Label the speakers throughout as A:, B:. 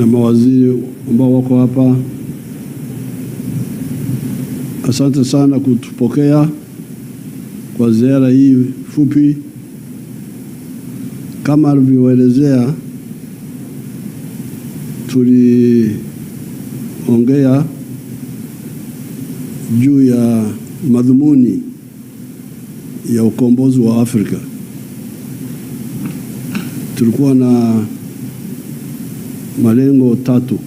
A: na mawaziri ambao wako hapa, asante sana kutupokea kwa ziara hii fupi. Kama alivyoelezea, tuliongea juu ya madhumuni ya ukombozi wa Afrika. Tulikuwa na malengo tatu.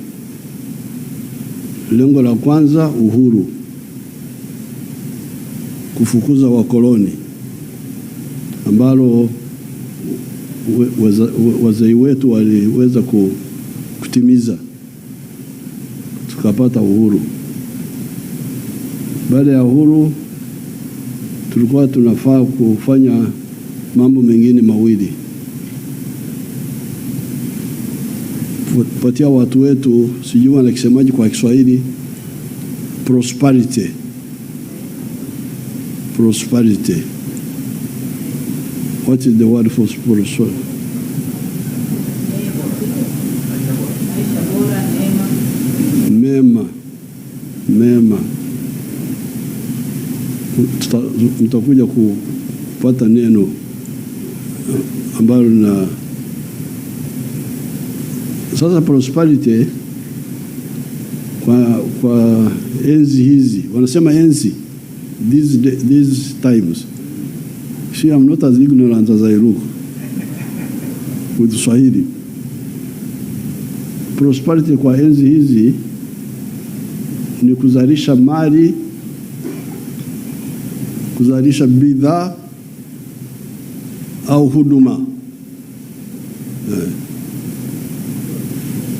A: Lengo la kwanza, uhuru, kufukuza wakoloni, ambalo wazee wetu waliweza kutimiza, tukapata uhuru. Baada ya uhuru, tulikuwa tunafaa kufanya mambo mengine mawili kupatia watu wetu, sijui wanakisemaje kwa Kiswahili, prosperity prosperity. What is the word for prosperity? Mema, mema. Mtakuja kupata neno ambalo na sasa prosperity kwa, kwa enzi hizi wanasema enzi these, these times si I'm not as ignorant as I look with Swahili. Prosperity kwa enzi hizi ni kuzalisha mali, kuzalisha bidhaa au huduma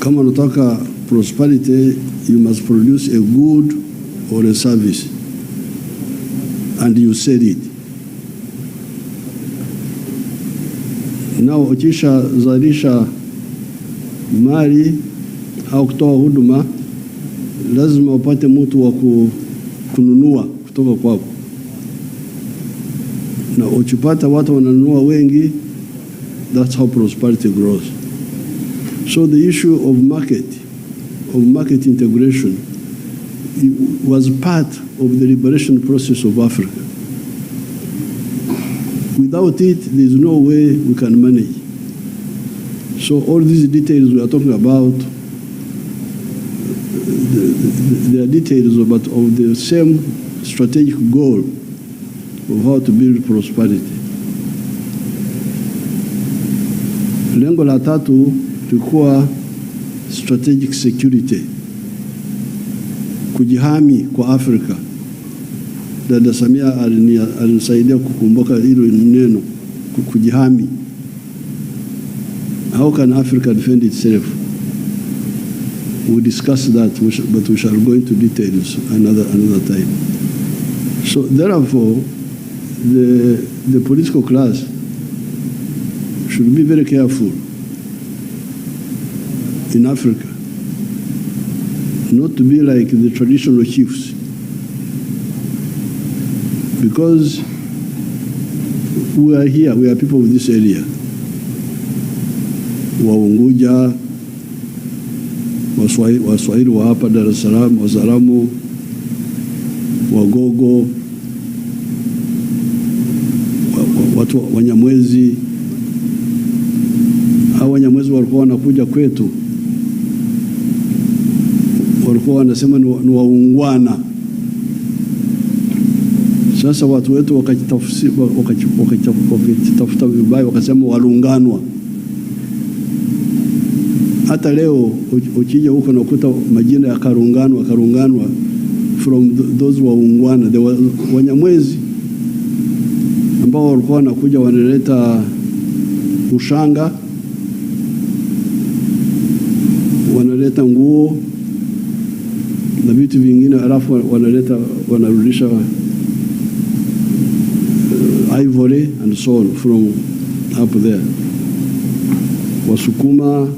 A: Kama unataka prosperity you must produce a good or a service and you said it. Nao ukisha zalisha mali au kutoa huduma lazima upate mtu wa kununua kutoka kwako, na ukipata watu wananunua wengi, that's how prosperity grows. So the issue of market, of market integration, was part of the liberation process of Africa. Without it, there is no way we can manage. So all these details we are talking about, they are details of, but of the same strategic goal of how to build prosperity. Lengo la tatu tulikuwa strategic security, kujihami kwa Afrika. Dada Samia alinisaidia kukumbuka hilo neno kujihami. How can Africa defend itself? We discuss that, but we shall go into details another, another time. So therefore, the, the political class should be very careful in Africa, not to be like the traditional chiefs, because we are here, we are people of this area, Waunguja, Waswahili wa hapa Dar es Salaam, Wazaramu, Wagogo, watu Wanyamwezi. au Wanyamwezi walikuwa wanakuja kwetu walikuwa wanasema ni waungwana. Sasa watu wetu wakajitafuta vibaya, wakasema walunganwa. Hata leo ukija huko nakuta majina ya karunganwa karunganwa from those waungwana, the Wanyamwezi ambao walikuwa wanakuja wanaleta ushanga wengine halafu wanaleta wanarudisha uh, ivory and so on from up there. Wasukuma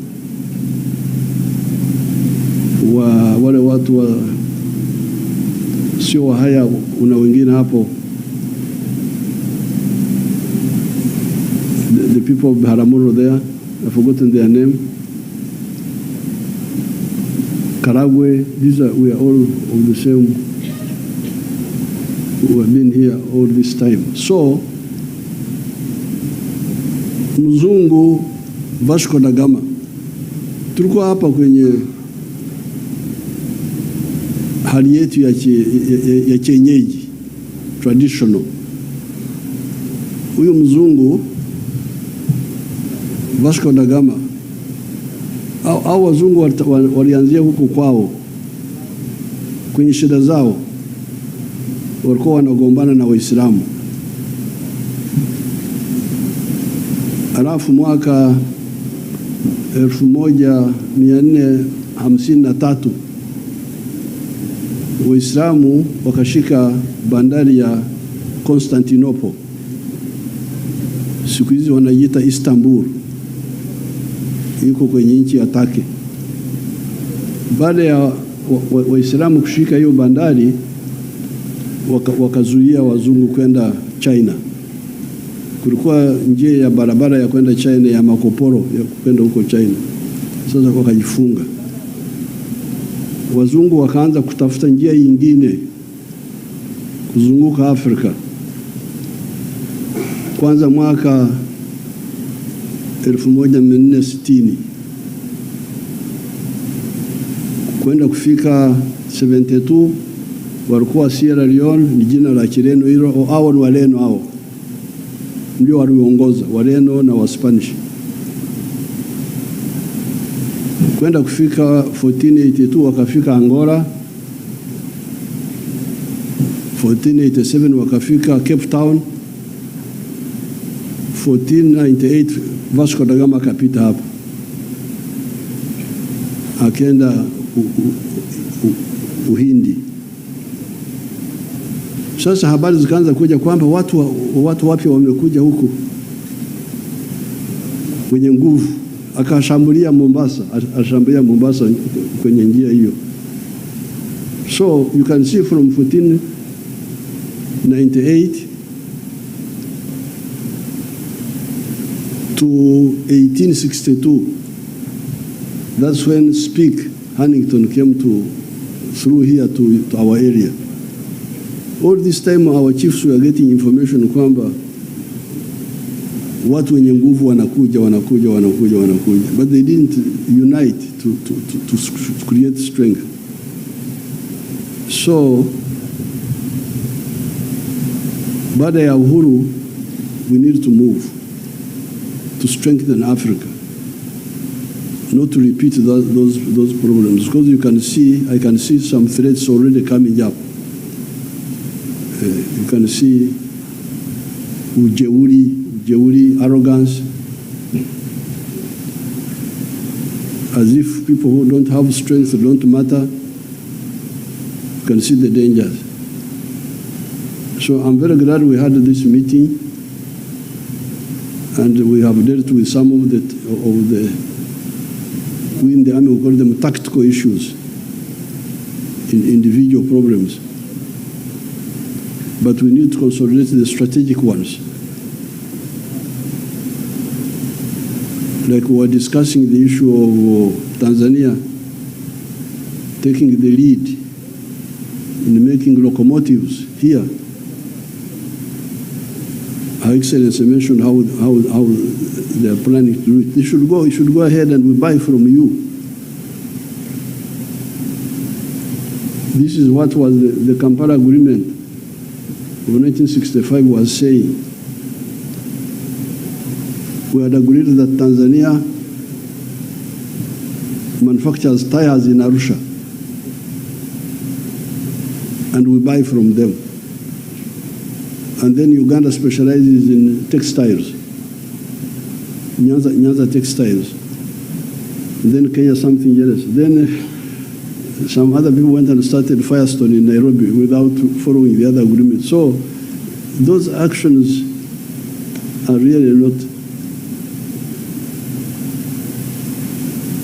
A: wa wale watu wa sio Wahaya, una wengine hapo the, the people of Biharamulo there, I've forgotten their name Karagwe, these are, we are all of the same, Who have been here all this time. So, Mzungu Vasco da Gama, tulikuwa hapa kwenye hali yetu ya, che, ya, ya, ya chenyeji traditional. Huyu mzungu Vasco da Gama au, au wazungu walianzia huku kwao kwenye shida zao, walikuwa wanagombana na Waislamu. Alafu mwaka tatu Waislamu wakashika bandari ya Constantinople, siku hizi wanaiita Istanbul yuko kwenye nchi ya Take. Baada ya Waislamu wa, wa kushika hiyo bandari wakazuia waka wazungu kwenda China. Kulikuwa njia ya barabara ya kwenda China ya makoporo ya kwenda huko China, sasa wakajifunga. Wazungu wakaanza kutafuta njia nyingine kuzunguka Afrika. Kwanza mwaka sitini kwenda kufika 72 walikuwa Sierra Leone, ni jina la Kireno hilo. Hao ni Wareno, hao ndio waliongoza Wareno na Spanish. Kwenda kufika 1482 wakafika Angola, 1487 wakafika Cape Town, 1498 Vasco da Gama akapita hapo akaenda Uhindi. Sasa habari zikaanza kuja kwamba watu, wa, watu wapya wamekuja huku wenye nguvu, akashambulia Mombasa, ashambulia Mombasa kwenye njia hiyo. So you can see from 1498 to 1862. That's when speak Huntington came to, through here to, to our area. All this time our chiefs were getting information kwamba watu wenye nguvu wanakuja wanakuja wanakuja wanakuja, but they didn't unite to, to, to, to create strength. So baada ya uhuru we need to move to strengthen Africa, not to repeat that, those, those problems. Because you can see, I can see some threats already coming up. Uh, you can see ujeuri, ujeuri, arrogance, as if people who don't have strength don't matter, you can see the dangers. So I'm very glad we had this meeting and we have dealt with some of the, of the we in the army we call them tactical issues, in individual problems. But we need to consolidate the strategic ones. Like we were discussing the issue of uh, Tanzania taking the lead in making locomotives here Excellency mentioned how, how, how they're planning to do it. They should go, you should go ahead and we buy from you. This is what was the, the Kampala Agreement of 1965 was saying. We had agreed that Tanzania manufactures tires in Arusha and we buy from them and then Uganda specializes in textiles, Nyanza, Nyanza textiles. And then Kenya something else. Then eh, some other people went and started Firestone in Nairobi without following the other agreement. So those actions are really not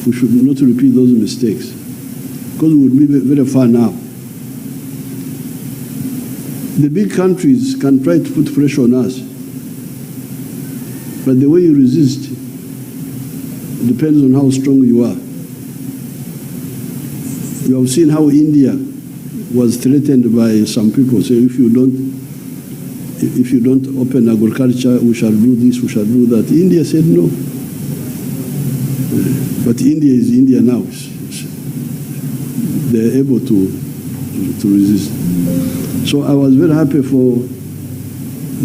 A: we should not repeat those mistakes because we would be very far now. The big countries can try to put pressure on us, but the way you resist depends on how strong you are. You have seen how India was threatened by some people saying, if you don't, if you don't open agriculture, we shall do this, we shall do that. India said no. But India is India now. They're able to, to resist. So I was very happy for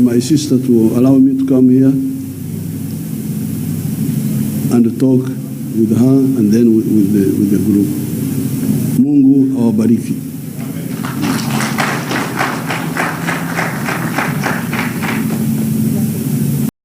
A: my sister to allow me to come here and talk with her and then with, with the, with the group. Mungu awabariki.